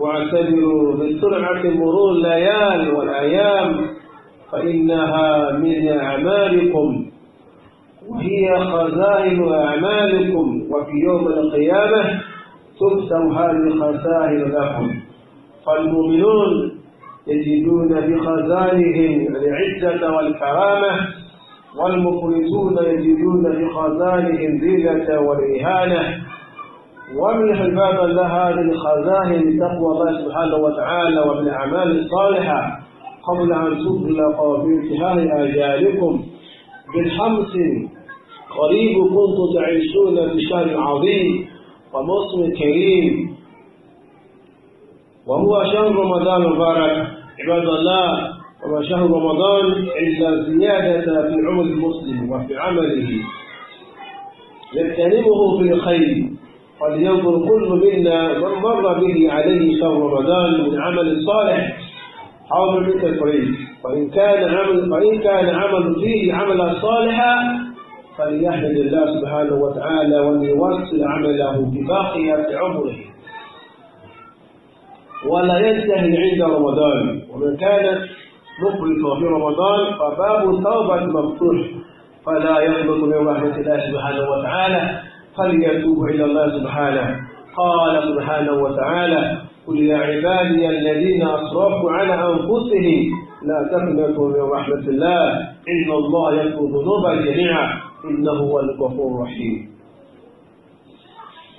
واعتبروا من سرعة مرور الليال والأيام فإنها من أعمالكم وهي خزائن أعمالكم وفي يوم القيامة تكتب هذه الخزائن لكم فالمؤمنون يجدون بخزائنهم العزة والكرامة والمخلصون يجدون بخزائنهم الذلة والإهانة ومن حفاظا لها من خزائن تقوى الله سبحانه وتعالى ومن الأعمال الصالحة قبل أن تبلى في انتهاء أجالكم بالحمص قريب كنتم تعيشون في شهر عظيم وموسم كريم وهو شهر رمضان المبارك عباد الله وما شهر رمضان إلا زيادة في عمر المسلم وفي عمله يغتنمه في الخير فلينظر كل منا من مر به عليه شهر رمضان من عمل صالح حاول منك الفريق فإن كان عمل فإن كان عمل فيه عملا صالحا فليحمد الله سبحانه وتعالى وليوصل عمله بباقية عمره ولا ينتهي عند رمضان ومن كان مخلصا في رمضان فباب التوبة مفتوح فلا يخلص من رحمة الله سبحانه وتعالى فليتوب إلى الله سبحانه قال سبحانه وتعالى قل يا عبادي الذين أسرفوا على أنفسهم لا تقنطوا من رحمة الله إن الله يغفر ذنوب جميعا إنه هو الغفور الرحيم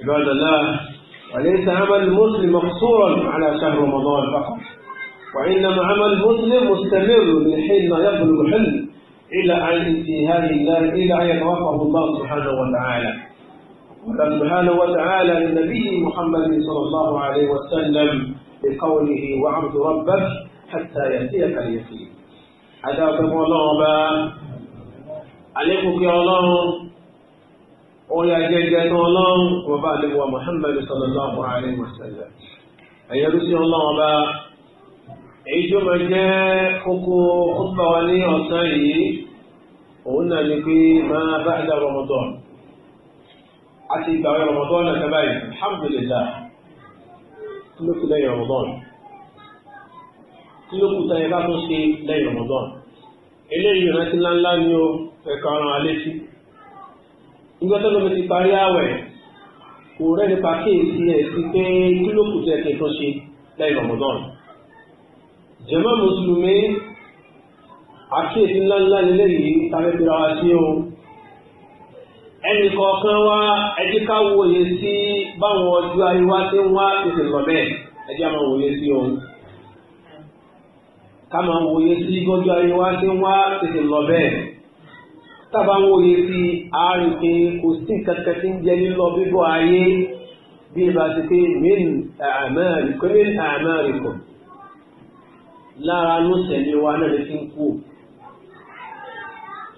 عباد الله وليس عمل المسلم مقصورا على شهر رمضان فقط وإنما عمل المسلم مستمر من حين يبلغ الحلم إلى أن انتهاء الله إلى أن يتوفاه الله سبحانه وتعالى سبحانه وتعالى لنبيه محمد صلى الله عليه وسلم بقوله وعبد ربك حتى يأتيك اليقين أداكم الله با عليكم يا الله ويا جيجات الله وبعد محمد صلى الله عليه وسلم أي رسي الله با èyí ma jẹ́ kókó kúpa wa ní ọ̀sán yìí òun náà àti ìgbà rẹ̀ Ramadan náà kaba yìí alhamdulillah kí ló kù lẹ́yìn Ramadan kí ló kù táyé bá tún ṣe lẹ́yìn Ramadan eléyìí ìrántí ńláńlá ni ó ẹ̀ka ọ̀ràn alétí ìgbà tó lómi ti parí àwẹ̀ kò rẹ́ nípa kéèsì ẹ̀ sí pé kí ló kù tẹ̀ kí n tó ṣe lẹ́yìn Ramadan jàmá mùsùlùmí àkíyèsí ńláńlá nílé yìí tàbí pèrè àwa sí o. ẹnì kọ̀ọ̀kan wa ẹjí ká wòye sí báwọn ọjọ́ àríwá ti ń wá tètè lọ bẹ́ẹ̀ ẹjí àwọn wòye sí òun ká máa wòye sí ọjọ́ ń wá tètè lọ bẹ́ẹ̀ tábà ń wòye sí àárín kò sí kankan tí ń jẹ lílọ ayé bí ti pé wa náà lè fi ń kú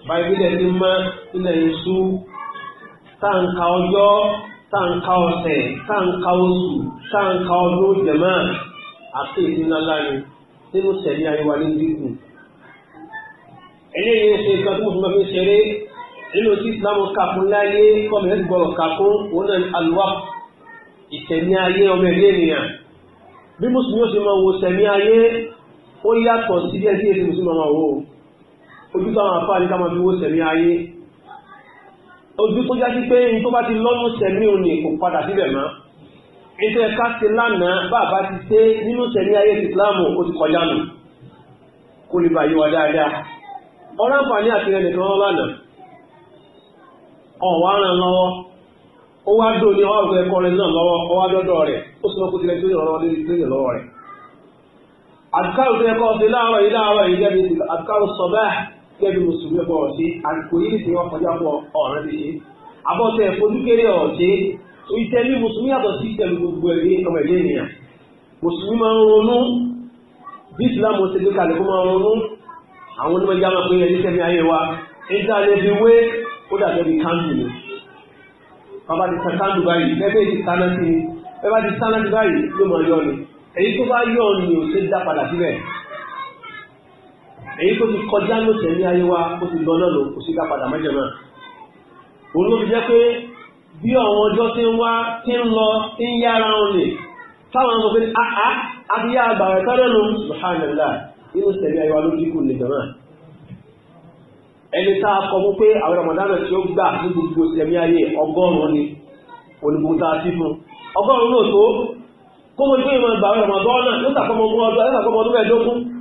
báyìí bí táǹkà ọjọ́ táǹkà ọ̀sẹ̀ táǹkà oṣù táǹkà ọdún jẹ̀mọ́ àti ìdínlá ni nínú sẹ̀mí àríwá ní dídùn. eléyìí ń ṣe nǹkan tó mọ̀ fi ṣeré nínú tí islam kàkún láyé kọ́mi ẹ̀ gbọ́dọ̀ kàkún òun náà àlùwà ìsẹ̀mí ayé ọmọ ẹ̀dẹ́ ènìyàn bí mùsùlùmí ó ṣe máa wo sẹ̀mí ayé ó yàtọ̀ sí bí ẹ̀dí èdè mùsùlùmí máa wò ojú táwọn àfáà ká máa fi wo sẹ̀mí ayé ojú tó jáde pé ní tó bá ti lọ́nà sẹ̀mí òní kò padà síbẹ̀ mọ́ nítorí ká ti lánàá bàbá ti ṣe nínú sẹ̀mí ayé ìsìláàmù ó ti kọjá nù kó lè bá yí wa dáadáa ọ̀rọ̀ àǹfààní àti lánàá lọ́wọ́ ó wá dò ní ọwọ́ àgbẹ̀ kọrin náà lọ́wọ́ dọ́dọ̀ rẹ̀ ó sì tilẹ̀ lọ́wọ́ lórí gẹ́gẹ́ bí mùsùlùmí ọ̀pọ̀ ọ̀sẹ̀ àsìkò yìí nìṣẹ́ wọn kọjá pọ̀ ọ̀rẹ́ ti ṣe. àbọ̀tẹ̀ fojúkéré ọ̀sẹ̀ tó ìtẹ́ ní mùsùlùmí yàtọ̀ sí ìtẹ̀lù gbogbo ẹ̀rí ọmọ ẹ̀dẹ́ ènìyàn. mùsùlùmí máa ń ronú bí islam ṣe gbé kalẹ̀ kó máa ń ronú àwọn onímọ̀já máa pín ẹni sẹ́mi ayé wa níta lè fi wé ó dàbẹ̀ bí káńdù ni. bàbá ti san káńdù báyìí bẹ́ẹ̀ ti sáná sí ni bẹ́ẹ̀ bá ti sáná sí báyìí yóò máa yọ tó bá yọ ni ò ṣe dá padà síbẹ̀ èyí tó ti kọjá ló tẹ̀lé ayé wa ó ti lọ lọ́lọ́ kò sí ká padà mọ́jọ náà òun ló fi jẹ́ pé bí àwọn ọjọ́ tí ń wá tí ń lọ tí ń yára wọn lè táwọn ọmọ pé àá abíyá àgbàrẹ̀ tọ́lẹ́nu subhanallah inú tẹ̀lé ayé wa ló dínkù lè jọ náà ẹni tá a kọ fún pé àwọn ọmọdánà tí ó gbà ní gbogbo tẹ̀mí ayé ọgọ́rùn-ún ni olùgbò tá a sí fún ọgọ́rùn-ún lóòótọ́ kó mo ní ìmọ̀ ìgbà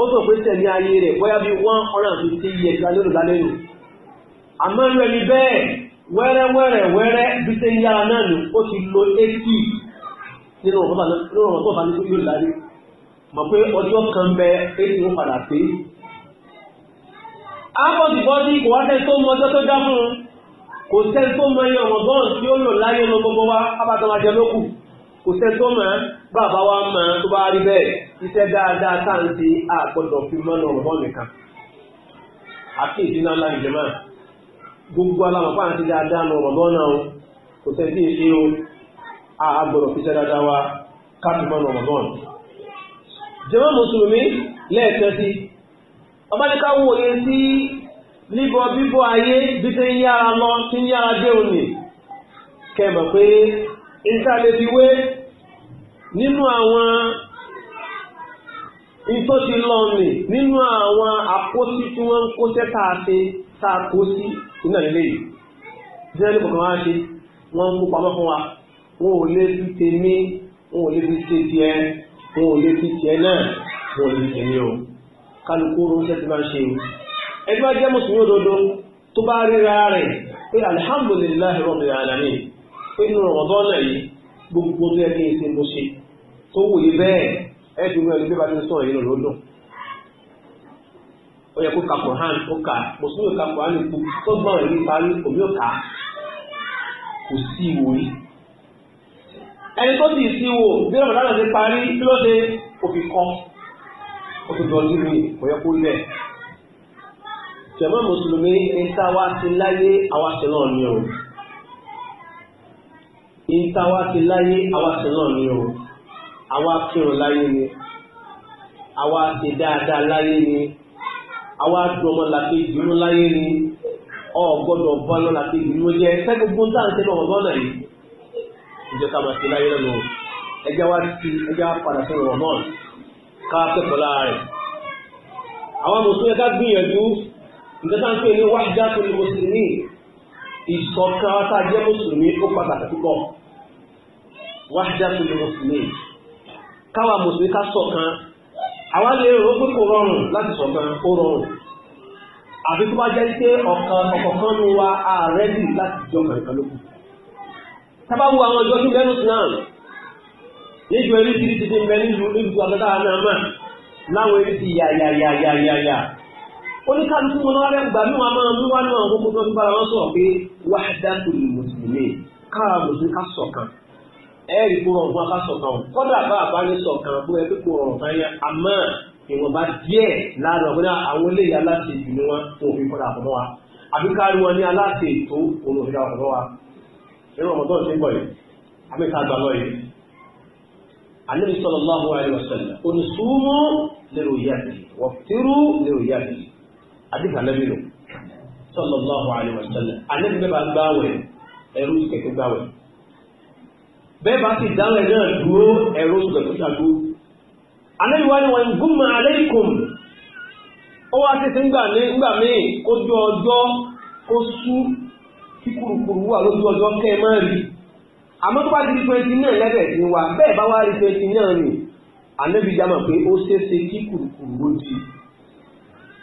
ó sọ pé tẹ̀lé ayé rẹ̀ bóyá bí one hundred and fifty years lálẹ́rù lálẹ́rù àmọ́ irú ẹni bẹ́ẹ̀ wẹ́rẹ́wẹ́rẹ́ wẹ́rẹ́ bí ṣe ń yára náà nù ó ti lo eighty nínú ọ̀rọ̀ tó bá ní yóò láyé mọ̀ pé ọjọ́ kan bẹ eighty ó padà pé ábọ̀dì bọ́dí kò wá tẹ́ tó mọ ọjọ́ tó dá fún un kò tẹ́ tó mọ iye ọ̀mọ̀gbọ́n tí ó lò láyé lọ kò sẹ́tọ́ mọ́ bàbá wa mọ́ tó bá rí bẹ́ẹ̀ iṣẹ́ dáadáa tá à ń ṣe àgbọ̀dọ̀ fi mọ́nà ọ̀rọ̀ nìkan àti ìdínà ńlá ìjẹmọ́ gbogbo aláwọ̀ pàà dáadáa lọ ọ̀rọ̀ náà o kò sẹ́tí o àgbọ̀dọ̀ fi iṣẹ́ dáadáa wa mọ́nà ọ̀rọ̀ mùsùlùmí lẹ́ẹ̀kan sí sí bíbọ ayé bí ìtàlẹ́fiwé nínú àwọn ìtọ́ ti lọ́ọ̀nì nínú àwọn àkóṣí tí wọ́n ń kó sẹ́ta àti sàkóṣí iná ilé yìí jẹ́ ní kọ̀kan wá ṣe wọ́n mú pamọ́ fún wa wọn ò lè fi tèmi wọn ò lè fi ṣe tiẹ̀ wọn ò lè fi tiẹ̀ náà wọn ò lè fi tèmi o kálukú oúnjẹ ti máa ń ṣe o ẹgbẹ́ jẹ́ mùsùlùmí òdodo tó bá ríra rẹ̀ pé alihamudulilayi rọ̀bìnrin alamin pé nínú ọ̀dọ́ náà yìí gbogbo tó yẹ kí n ṣe mo ṣe tó wòye bẹ́ẹ̀ ẹ̀ ti mú ẹni bí bàtí sọ̀rọ̀ yìí lọ́dọ̀ ó yẹ kó ka Quran ó kà mùsùlùmí ò ka Quran kú tó gbọ́n ẹ̀ nípa omi ò kà kò sí ìwò yìí ẹni tó sì sí wò bí ọ̀rọ̀ náà ti parí kí ló ṣe òfin kan ó ti dọ̀ọ́dún mi kò yẹ kó rí bẹ́ẹ̀ jẹ̀mọ́ mùsùlùmí ń ta wá láyé àwa ṣe náà ní ọ̀rọ̀. ìta wa ti láyé àwa ti náà ni o àwa kírun láyé ni àwa ti dáadáa láyé ni àwa dùn ọmọ laye láyé ni ọ gbọ́dọ̀ ọmọ náà yìí ìjọ ti láyé lẹ́nu ẹjẹ wa ti ẹjẹ wa padà sí ọmọ náà ká kẹ́kọ̀ọ́ láàrin àwọn mùsùlùmí ká gbìyànjú tá ń pè ní ìṣọ̀kan wa tá a jẹ́ mùsùlùmí ó pàtàkì púpọ̀ wahdatul muslimin káwa mùsùlùmí ká ṣọ̀kan àwa lè rò ó pé kò rọrùn láti ṣọ̀kan ó rọrùn àfi tó bá jẹ́ pé ọ̀kan ọ̀kọ̀kan ló wa ààrẹ́dì láti jọ kànkan lókun. sábà wo àwọn ọjọ́ tí bẹ́ẹ̀ ló ti náà níjú ẹni tí ti ti bẹ nílùú nílùú àgbàdo àná àmà láwọn ẹni ti yà yà yà yà yà yà. oníkàlùkù wọn wá rẹ̀ gbà mí wọn máa mú wá ní àwọn gbogbo tó ń bára wọn sọ̀rọ̀ pé wáhádátù lè mùsùlùmí káà mùsùlùmí ká ṣọ̀kan ẹ̀rì kó rọrùn fún akásọ̀kan o kọ́dà bá a bá ní ṣọ̀kan bó ẹgbẹ́ kó rọrùn fún ayé àmọ́ ìwọ̀nba díẹ̀ lára ọ̀gbọ́n àwọn eléyìí aláṣẹ ìlú ni wọ́n fún òfin kọ́dà àkọ́mọ́ wa àbí káàrí wọn ní aláṣẹ ètò òun òfin àkọ́mọ́ wa nínú ọmọdé ọ̀sẹ̀ gbọ̀ yìí àbí ká gbà lọ yìí anabi sallallahu alayhi wa sallam sallallahu alayhi wa sallam àlejò bẹ́ẹ̀ bá gbáwẹ̀ ẹ̀rú ti kẹ̀kẹ́ gbáwẹ̀ bẹ́ẹ̀ bá ti dáwẹ̀ náà dúró ẹ̀rú ti kẹ̀kẹ́ ṣàdúró àlejò wa ni wọ́n gúnmọ̀ alaykum ó wá tètè ńgbà míì kó jọ ọjọ́ kó sú kí kùrùkùrù wà lójú ọjọ́ kẹ́ ẹ má rí àmọ́ tó bá di twenty nine lẹ́bẹ̀ẹ́ sí wa bẹ́ẹ̀ bá wá rí twenty nine ni àlejò jámọ̀ pé ó ṣeéṣe kí kùrùkùrù ó di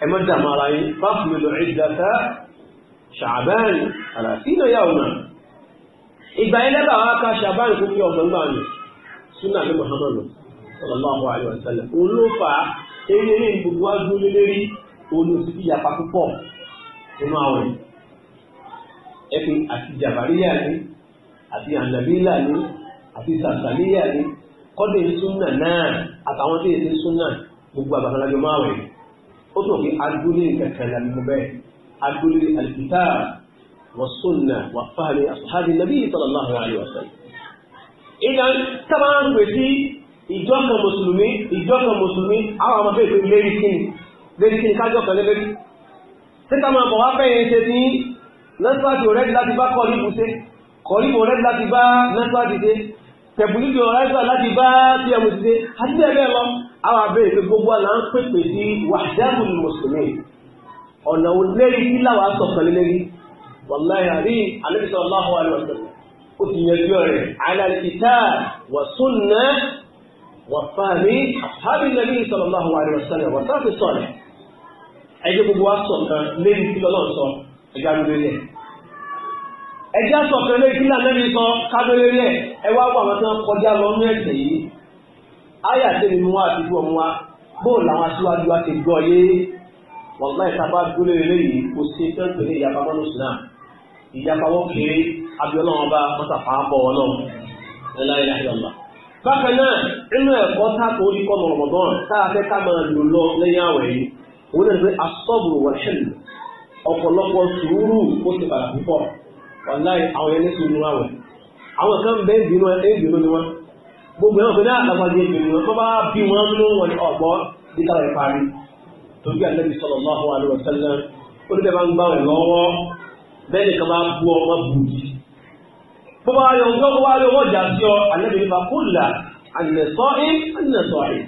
ẹ má dààmú ara yín fáfùmí lọ ìdàtà ṣàbẹ́rì àlàsínà yà ọ̀nà ìgbà ẹlẹ́bà wa ká ṣàbẹ́rì fún fi ọ̀sán gbà ní súnà ní muhammadu sallallahu alayhi wa sallam olófà eré gbogbo agbóni lérí olóòsì ti yapa púpọ̀ nínú àwọn ẹ̀fìn àti jàbáríyà ni àti ànàbílà ni àti sàtàníyà ni kọ́dé súnà náà àtàwọn tí èsì súnà gbogbo àbàkàlájọ máa wẹ̀ ó tún fi agbóni kankan lànà bẹ́ẹ̀ agbórí الكتاب والسنة وفهم أصحاب النبي صلى الله عليه وسلم. إذا sallam. idan sábà ń pè sí ìjọ kan mùsùlùmí ìjọ kan كذا كذا. ọmọ bẹ́ẹ̀ pé lérí kí ni lérí kí ni kájọ kan lérí. títà máa bọ̀ wá fẹ́yìn ṣe ní nọ́tíwájú rẹ̀ láti bá kọ́ níbu ṣe kọ́ níbu rẹ̀ láti bá nọ́tíwájú ṣe tẹ̀bùlídìí ọ̀rẹ́ láti bá tí a mọ̀ ṣe àti bẹ́ẹ̀ bẹ́ẹ̀ lọ àwọn àbẹ̀rẹ̀ gbogbo àlà ń pèpè sí wàhálà ọ̀nà lẹ́rí tí láwa sọ̀kan lẹ́rí wàláyé àrí alẹ́bíṣọ́ aláhùn àlùwàsàn ó ti yanjú ọ̀rẹ́ alàlìkìtà wà súnà wà fàmí àbí nàbí ìsọ̀rọ̀ aláhùn sọ ẹjá lórí rẹ̀ ẹjẹ́ sọ̀kan lẹ́rí tí lànàbí sọ kábẹ́rẹ́ wàláì tá a bá dúró eléyìí kò sí tẹ́ǹtì ní ìyapa mọ́nú islam ìyapa wọ́n kéré abiola wọn bá mọ́tàfà bọ̀ wọn lọ ẹláyé àyọ̀lá. bákan náà inú ẹ̀kọ́ tá a tó rí kọ́ Ramadan tá a fẹ́ ká máa lò lọ lẹ́yìn àwẹ̀ yìí òun náà ní pé asọ́bùrù wàṣẹ́lì ọ̀pọ̀lọpọ̀ sùúrù ó ti bàrà púpọ̀ wàláì àwọn ẹni sùn nínú àwẹ̀ àwọn kan bẹ́ẹ̀ torí àlẹ́bí sallallahu alaihi wasallam olùdẹ́ bá ń gbà rẹ̀ lọ́wọ́ bẹ́ẹ̀ nìkan máa bú ọmọ bùrì bó bá yọ ọjọ́ bó bá yọ ọwọ́ ìjà sí ọ àlẹ́bí nípa kúlà ànẹ̀sọ́ ẹ̀ ànẹ̀sọ́ ẹ̀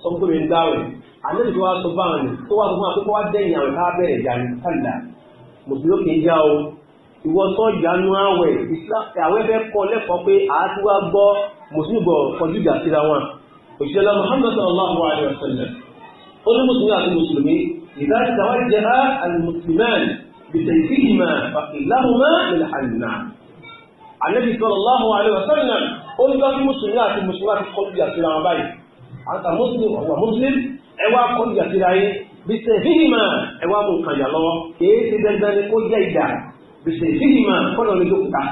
sọ fún mi ń gbà rẹ̀ àlẹ́bí tó wá sọ bá rẹ̀ tó wá sọ fún akókó àwẹ̀ ká bẹ̀rẹ̀ lẹ́kọ̀ọ́ pé àátúwá gbọ́ mùsùlùmí bọ̀ kọjú síra wọn òṣìṣẹ́ lọ sallallahu alaihi wasallam onímùsùlùmí àti mùsùlùmí ìdájí tàwọn jẹ́ á àlùmùsùlùmí bìtẹ̀ ìfìhìmà ìlàhùmá ìlàhànà. Àlẹ́bí sallallahu alaihi wa sallam ó ń dájú mùsùlùmí àti mùsùlùmí àti kọ́lù yàtìrà wọn báyìí. Àǹtà mùsùlùmí ọ̀wà mùsùlùmí ẹ wá kọ́lù yàtìrà yín bìtẹ̀ ìfìhìmà ẹ wá mú kànyà lọ́wọ́. Èé ti dandan ni kó jẹ́ ìjà bìtẹ̀ ìfìhìmà kọ́lù lè dókúta.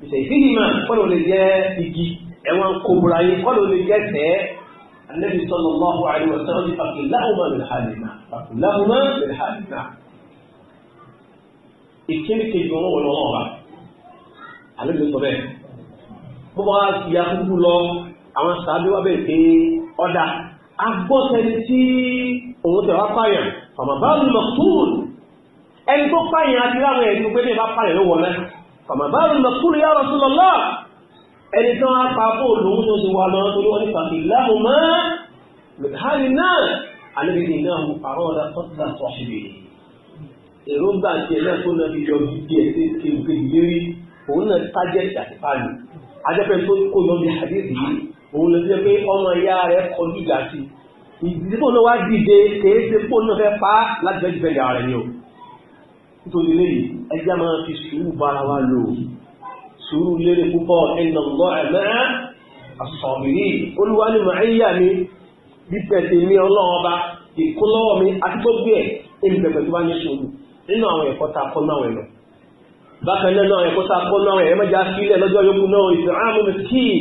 Bìtẹ̀ ìfìhìmà kọ́lù lè jẹ́ igi. Ẹ̀wọ̀n kòbùrà yín kọ́lù lè jẹ́ tẹ́ẹ́ النبي صلى الله عليه وسلم فقل لهما من حالنا فقل لهما من حالنا ìkéde kejì wọn wọlé wọn ọba àlẹ ló sọ bẹ́ẹ̀ bó bá ya kúkú lọ àwọn sàbí wa bẹ́ẹ̀ pé ọdà agbọ́sẹ̀ni tí òun tẹ̀ wá pààyàn fàmà bá lù lọ túùn ẹni tó pààyàn àti láwọn ẹ̀dínwó pé ní ìbá pààyàn ló wọlé fàmà bá lù lọ túùn yà Rasulullah ẹni tán á pa bóòlù ń tó ti wà lọ́rọ́ tó lọ́wọ́ nípa kì lámù mọ́ hali náà alẹ́bìnrin náà mo pàrọ̀ ọ̀dà tọ́ta tọ́ṣìlè èròǹgbà tiẹ̀ náà tó náà fi yọ gidi ẹ̀ sí kéwìké lérí òun náà tájẹ́tì àti pààlù ajẹ́pẹ́ tó kó yọ bí hadith yìí òun lè jẹ́ pé ọmọ ìyá rẹ̀ kọjú ìjà sí ìdìbò náà wá dìde kèé pò náà fẹ́ pa láti fẹ́ jù fẹ́ sùúrù lérè púpọ̀ ẹnà ọ̀gbọ́n ẹ̀mẹ́ àsọ̀mìlì olúwanímọ̀ ẹ̀yà mi bípẹ̀tẹ̀ mi ọlọ́ọba ìkúlọ́wọ́ mi àti tó gbé ẹ̀ ẹni pẹ̀pẹ̀ tó bá ní sùúrù nínú àwọn ẹ̀kọ́ tá a kọ́ náà ẹ̀nà bákan náà náà ẹ̀kọ́ tá a kọ́ náà ẹ̀yẹ́ mẹ́jà sílẹ̀ lọ́jọ́ yókù náà ìfẹ́ àmú miskin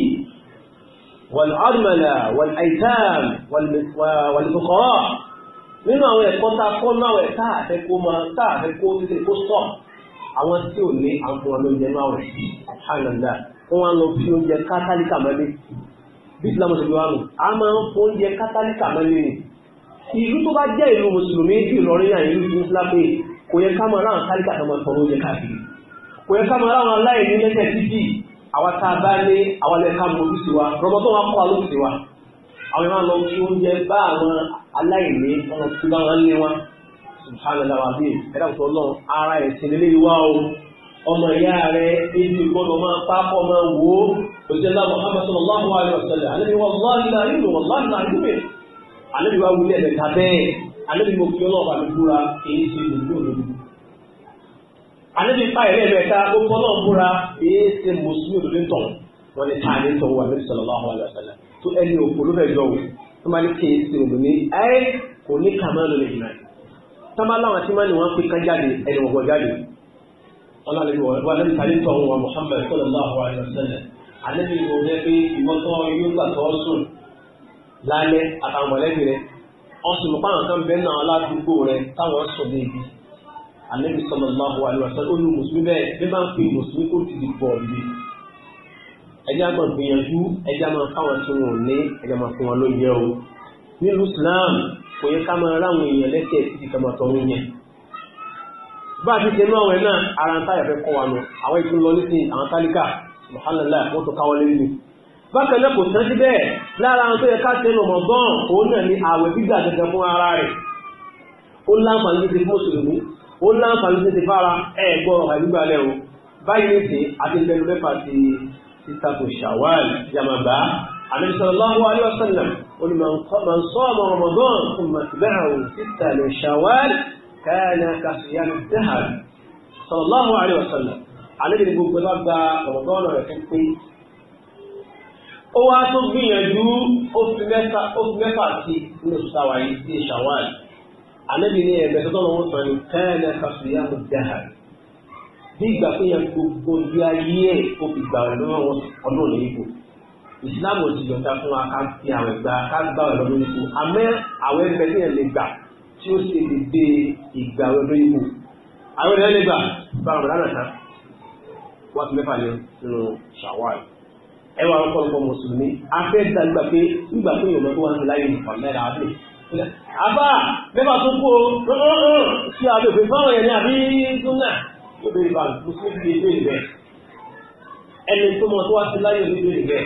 wàlúhàrùmọ̀lá wàlúhàìtàm wàlúhàkọ́ nínú àwọn ẹ̀kọ́ tá a kọ́ náà ẹ̀ tá àfẹ́ kó máa tá àfẹ́ kó títí kó stọ̀ọ̀ àwọn tí ò ní àǹfọ̀n lóúnjẹ náà rẹ̀ àṣàlọ́dà wọ́n wá lọ fi oúnjẹ kátálíkà mọ́lé bí islam ṣe wà nù a máa ń fọ oúnjẹ kátálíkà mọ́lé ni ìlú tó bá jẹ́ ìlú mùsùlùmí tí Ìlọrin náà ìlú ti islam pé kò yẹ ká máa ráhùn kálíkà tó máa tọrọ oúnjẹ káàkiri kò yẹ ká máa ráhùn aláìní lẹ́sẹ̀ títì àwa tá a bá ní àwa lẹ́ka mojú sí wa wa subhanallah wa bíi ẹ̀dá òtún ọlọ́run ara ẹ̀sìn lélẹ́ ìwá o ọmọ ìyá rẹ̀ èyí ìgbọ́dọ̀ máa pápọ̀ máa wò ó òṣèlú Muhammad sallallahu alaihi wasallam alẹ́bí wọn lọ́ọ̀lì náà nínú wọn lọ́ọ̀lì náà nínú mi alẹ́bí wa wulẹ̀ ẹ̀ka bẹ́ẹ̀ alẹ́bí mo fi ọlọ́ọ̀bà mi búra èyí ṣe lòdì òdòdó alẹ́bí pa ẹ̀rẹ́ ẹ̀ka ó kọ́ náà búra èyí ṣe mùsùlùmí òdòdó ń tọ̀ wọ́n ní táà ní tọ̀ wọ alẹ́bí sallallahu alaihi wasallam tó ẹni òkú ló jọ wò tó máa ní kéèsì òdòdó ní ẹ́ kò ní kàmáà lónìí náà tọ́ba láwọn tí máa ní wọ́n pè kán jáde ẹni wọ́n gbọ́ jáde ọlọ́run wà lẹ́nu tàbí tọ́ wọn Muhammad sallallahu alaihi wasallam àlẹ́bí wọn jẹ́ pé ìmọ̀tọ́ yóò gbà tọ́ sùn lálẹ́ àtàwọn mọ̀lẹ́bí rẹ̀ ọ̀sùn mọ̀pá máa fáwọn tí wọn ò ní ẹjẹ́ àmọ́ fún wọn ló yẹ o nílùú Islam kò yẹ ká máa ráwọn èèyàn lẹ́sẹ̀ títí kama tọrọ yẹn bá a ti ṣe náà wẹ̀ náà ara ń táyà fẹ́ kọ́ wa nù àwọn ìpín lọ nísìn àwọn tálíkà mọ̀hálàlá wọ́n tó káwọ́ lé nínú bákan náà kò tán sí bẹ́ẹ̀ lára àwọn tó yẹ ká ṣe lọ́mọ gan òun náà ni ààwẹ̀ gbígbà gẹ́gẹ́ fún ara rẹ̀ ó láǹfààní títí fún mùsùlùmí ó láǹfààní títí fara ẹ̀ gbọ́ ọ̀rọ̀ gbígbà عليه الصلاة الله عليه وسلم قل من صام رمضان ثم اتبعه ستة من شوال كان كصيام الدهر صلى الله عليه وسلم النبي يقول بلغة رمضان ويكفي ó wá tó gbìyànjú ó fi mẹ́fà ó fi mẹ́fà sí nínú oṣù táwa yìí sí ṣàwáàlì ànábì ní ẹ̀mẹ́ tó tọ́lọ́ wọn sọ ní kẹ́ẹ̀lẹ́ kásùyà ló dáhà bí ìgbà pé yẹn gbogbo ìgbé ayé ẹ̀ ó fi gbà lọ́wọ́ ọdún òní ìbò ìsìláàmù ò ti yọ̀ǹda fún wa ká ti àwẹ̀ gba ká gbà wẹ̀ lọ́dún yìí kú àmọ́ àwẹ̀ ẹgbẹ́ tí yẹn lè gbà tí ó ṣe dédé ìgbà wẹ̀ lọ́dún yìí kú àwẹ̀ ẹgbẹ́ lè gbà bá àwọn ọ̀dà náà wá sí mẹ́fà ní nínú ṣàwáì ẹ wà ń kọ́ńkọ́ mùsùlùmí afẹ́ dàgbà pé nígbà tó yọ̀ lọ́dún wa ń láyé ìfọ̀mẹ́ra àbẹ̀ àbá mẹ́fà tó kó ṣe àbẹ̀fẹ́ fáwọn yẹn ní àbí súnà ó bẹ̀rẹ̀ bá mùsùlùmí ti dé ìbéèrè bẹ́ẹ̀ ẹni tó mọ̀ tó wá sí láyé ìbéèrè bẹ́ẹ̀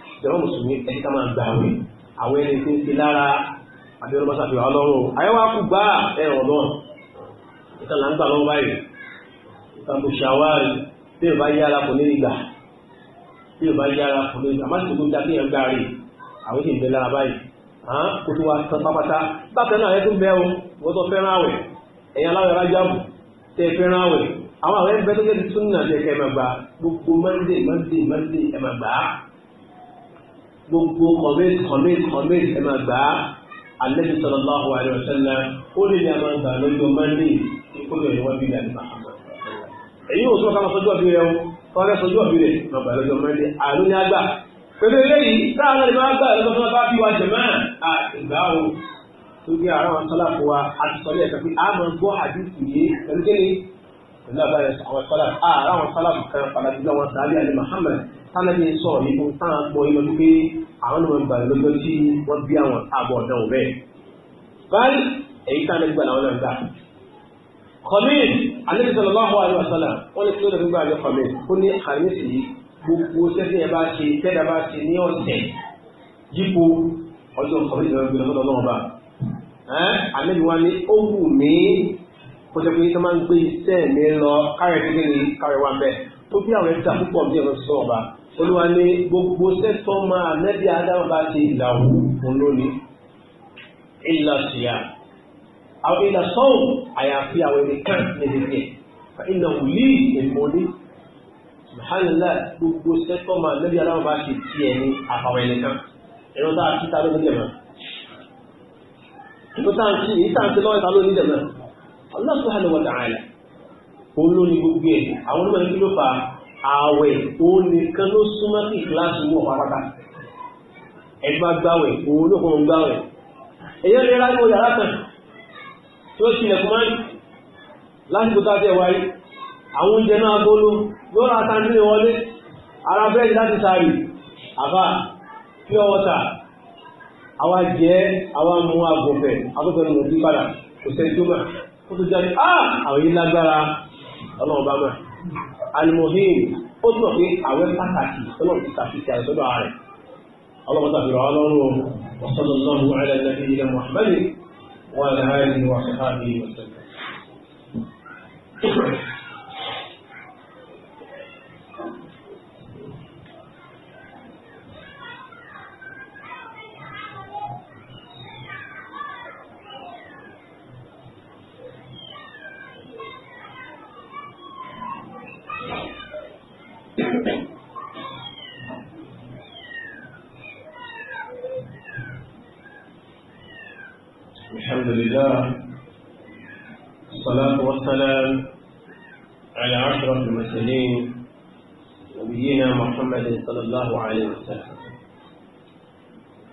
jọ̀wọ́ mùsùlùmí ẹni ká máa gbà wí àwọn ẹni tí ń ti lára àbí ọlọ́mọ sàfihàn ọlọ́run àyẹ̀wò àkùgbà ẹ̀rọ náà ìtàn là ń gbà lọ́wọ́ báyìí ìtàn kò ṣàwárí bí ìbá yára kò ní ìgbà bí ìbá yára kò ní ìgbà má sì tó dákẹ́ yẹn gbà rí àwọn èdè ìbẹ̀ lára báyìí hàn kó tó wá tán pápátá bákan náà ẹtún bẹ́ẹ̀ o wọ́n tó fẹ́ràn àwẹ̀ ẹ̀yin aláwẹ̀ rájàbù tẹ́ fẹ́ràn àwẹ̀ àwọn àwẹ̀ bẹ́ẹ̀ tó kẹ́ gbogbo kọ̀mẹ́t kọ̀mẹ́t kọ̀mẹ́t ẹ máa gbà á alẹ́bí sallallahu alaihi wasallam ó lè ní a máa gbà lójú mọ́ndé ìkóyọ̀ ìwọ́n bí yàrá ìbá èyí ò sọ ká máa sọjú ọ̀bí rẹ o kọ́ ẹ sọjú ọ̀bí rẹ máa gbà lójú mọ́ndé àló ní àgbà pẹ̀lú eléyìí táà náà lè máa gbà lọ́dọ̀ tó bá bí wa jẹ̀ máa àgbà o tó gbé àwọn sọ́lá sọ́lá pẹ̀lú àgbáyé àwọn sálàmù ààrẹ àwọn sálàmù kan pàtàkì lọ́wọ́ sàálì àlè Muhammad sálàmì sọ̀rọ̀ yìí fún táwọn pọ̀ yìí lọ́dún pé àwọn ọmọ ìgbà lọ́jọ́ tí wọ́n bí àwọn àbọ̀ ọ̀dàn ò bẹ́ẹ̀. báyìí èyí tá àlejò àwọn náà gbà. kọ́míìn àlejò sọ̀rọ̀ lọ́wọ́ àlè wàsálà wọ́n lè fi lọ́dọ̀ gbígbà àjọ kọ́míìn ó ní àrísì gbogbo sẹ́sìn yẹn bá ṣe tẹ́lẹ̀ bá ṣe ní ọ̀sẹ̀ yípo ọjọ́ kọ́míìn kó jẹ́ pé tó máa ń gbé iṣẹ́ mi lọ kárẹ̀ kékeré ní kárẹ̀ wa bẹ́ẹ̀ tó bí àwọn ẹ̀dá púpọ̀ bí ọ̀rọ̀ sọ ọba olúwa ní gbogbo sẹ́tọ́ máa nẹ́bí adáwọn bá ṣe ìlàwó òun lónìí ìlà ṣìyà àwọn ìlà sọ́ọ̀ àyàfi àwọn ẹnìkan nìyẹn ìlà wùlí ìmọ̀lẹ́ subhanallah gbogbo sẹ́tọ́ máa nẹ́bí adáwọn bá ṣe tiẹ̀ ní àfàwọn ẹnìkan ẹ̀rọ tá ti ta ló ní jẹ̀mọ́ ìtàn tí lọ́wọ́ ta ló ní Allah subhanahu wa ta'ala olóni gbogbo ẹ̀ àwọn onímọ̀ ní kí ló fa ààwẹ̀ òun nìkan ló súnmọ́ sí ìkíláàsì mú ọ̀pá pátá ẹ̀dùn agbáwẹ̀ òun ló kàn ń gbáwẹ̀ èyàn lè ráyè ọjà látàn tí ó tilẹ̀kùn máa ń lásìkò tá a jẹ́ wáyé àwọn oúnjẹ náà gbóló yóò ra ata nílé wọlé ó tó jáde ah àwọn yìí lágbára ọlọ́run bá mọ̀ alimohim ó túnbọ̀ pé àwẹ̀ pàtàkì ọlọ́run ti ṣàfihàn àìsọ́dọ̀ rẹ̀ ọlọ́run ṣàfihàn ọlọ́run وصلى الله على نبينا محمد وعلى اله وصحبه وسلم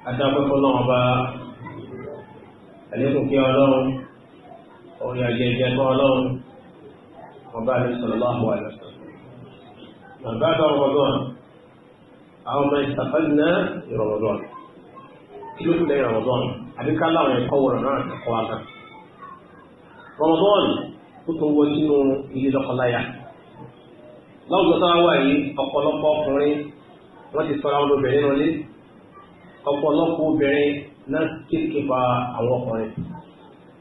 adáwọ̀pẹ́ fọlọ́wọ́n bá àlékún kí ọlọ́run orin àjẹjẹ kọ́ ọlọ́run ọba àlẹ́ sallallahu alaihi wasallam. bàbá bá Ramadan àwọn ọmọ ìsàfẹ́lì náà Ramadan kí ló fún lẹ́yìn Ramadan àbíká láwọn ẹ̀kọ́ wọ̀rọ̀ náà ẹ̀kọ́ wa kan. Ramadan tó tó wọ sínú ilé ọ̀pọ̀lọpọ̀ obìnrin náà kéèké pa àwọn ọkùnrin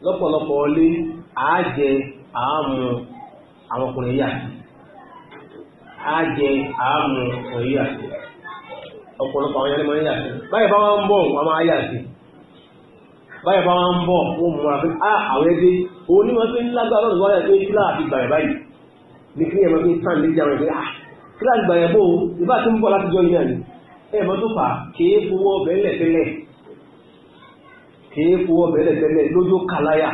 lọ́pọ̀lọpọ̀ ọlé àájẹ àámu àwọn ọkùnrin yà àájẹ àámu ọkùnrin yà ọ̀pọ̀lọpọ̀ àwọn ẹlẹ́mọ̀ yà sí báyìí bá wọn ń bọ̀ wọn máa yà sí báyìí bá wọn ń bọ̀ wọn mú ra pé á àwọn ẹgbẹ́ òun ní wọn fi ń lágbára lọ́dún wáyà pé kílà àti gbàyà báyìí ní kí ni ẹ̀ ẹ̀mọ́ tó fà kìí fowó ọbẹ̀ lẹ̀tẹ́lẹ̀ kìí fowó ọbẹ̀ lẹ̀tẹ́lẹ̀ lójó kàláyà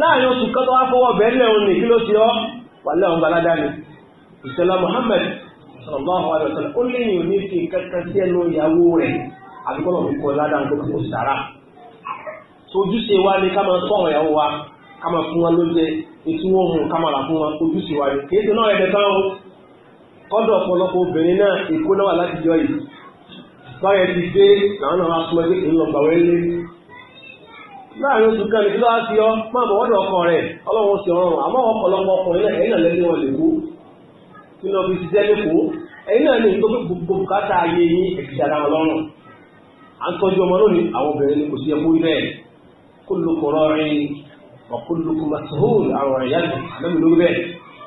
láàrin oṣù kan wá fowó kí ló ti ọ́ wà lẹ́hùn gbalada ni ìṣẹ̀lá Muhammad sallallahu alaihi wasallam ó léyìn òní fi kankan sí ẹnu ìyàwó rẹ̀ àbíkọ́ náà kọ́ ládàá nǹkan kó sàrà ojúṣe wa ni ká máa tọ́ àwọn ìyàwó wa ká máa fún wa lóúnjẹ wọn mú ká kọ́dọ̀ ọ̀pọ̀lọpọ̀ obìnrin náà èkó náà wà láti jọ yìí báyẹ̀ ti dé làwọn náà wá súnmọ́ pé kì í lọ gbàwé lé láàrin oṣù kan nìkan láti fi ọ máa bọ̀ wọ́dọ̀ ọkọ rẹ̀ ọlọ́run sì ọ̀rọ̀ àmọ́ ọ̀pọ̀lọpọ̀ ọkùnrin náà ẹ̀yìn náà lẹ́nu wọn lè wú kí lọ fi ṣiṣẹ́ lẹ́kọ̀ọ́ ẹ̀yìn náà ní tó gbogbo bùkátà ayé yín ẹ̀kí dáadáa wọn lọ́rùn à ń tọ́jú ọmọ lónìí àwọn obìnrin ni kò sí ẹkú ilẹ̀ kullukum ra'in wa kullukum mas'ulun 'an ra'iyatihi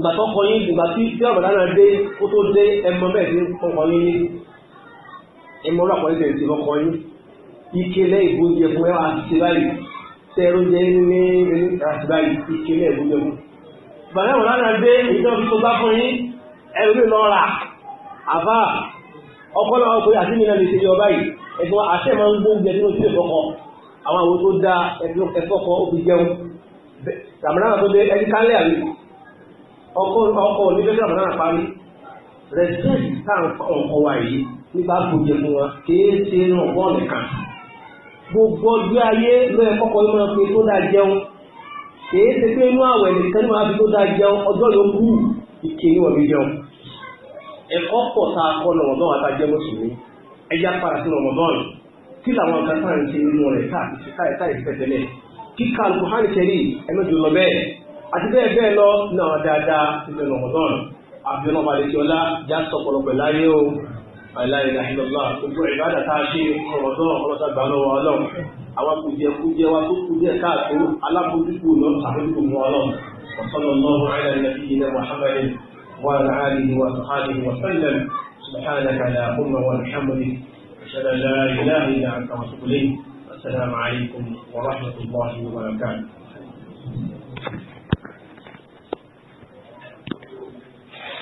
ìgbà tó kọ yín ìgbà tí tí ọ̀rọ̀ dáná dé kó tó dé ẹmọ bẹ́ẹ̀ tí kọkọ yín ní ẹmọ ọlọ́pàá yín tẹ̀lé ti kọkọ yín ìkélé ìbòjẹ fún ẹ àti báyìí tẹ̀rọ jẹ ní àti báyìí ìkélé ìbòjẹ fún. ìgbà tí ọ̀rọ̀ dáná dé èyí tó fi tó bá fún yín ẹ̀rù mi lọ rà àbá ọpọlọ ọkùnrin àti mi náà lè ṣe yọ báyìí ẹ̀fọ́ ọkọ̀ onígbẹ́gbẹ́ náà parí respect tá ọkọ̀ wa yìí nígbà gbòjè fún wa kìí ṣe ràn gbogbo ọjọ́ ayé lóye kọ́kọ́ yìí máa fi tó dáa jẹun pé inú àwẹ̀ nìkan ní máa fi tó dáa jẹun ọjọ́ fi jẹun ẹ̀kọ́ pọ̀ tá a kọ́ lọ́wọ́ náà ẹja padà sí kí làwọn ń ṣe nínú rẹ̀ àti bẹ́ẹ̀ bẹ́ẹ̀ lọ náà dáadáa nínú Ramadan àbíọ́nà balẹ̀kíọ́lá já sọ̀pọ̀lọ̀ pẹ̀lú ayé o aláìlá ìlọ́lá gbogbo ìbádà tá a ṣe Ramadan ọlọ́ta gbà lọ́wọ́ ọlọ́run àwọn kùjẹkùjẹ wa tó kùjẹ káàtó alábòjúkù lọ àbójúkù mọ́ ọlọ́run وصلى الله على نبينا محمد السلام عليكم ورحمه الله وبركاته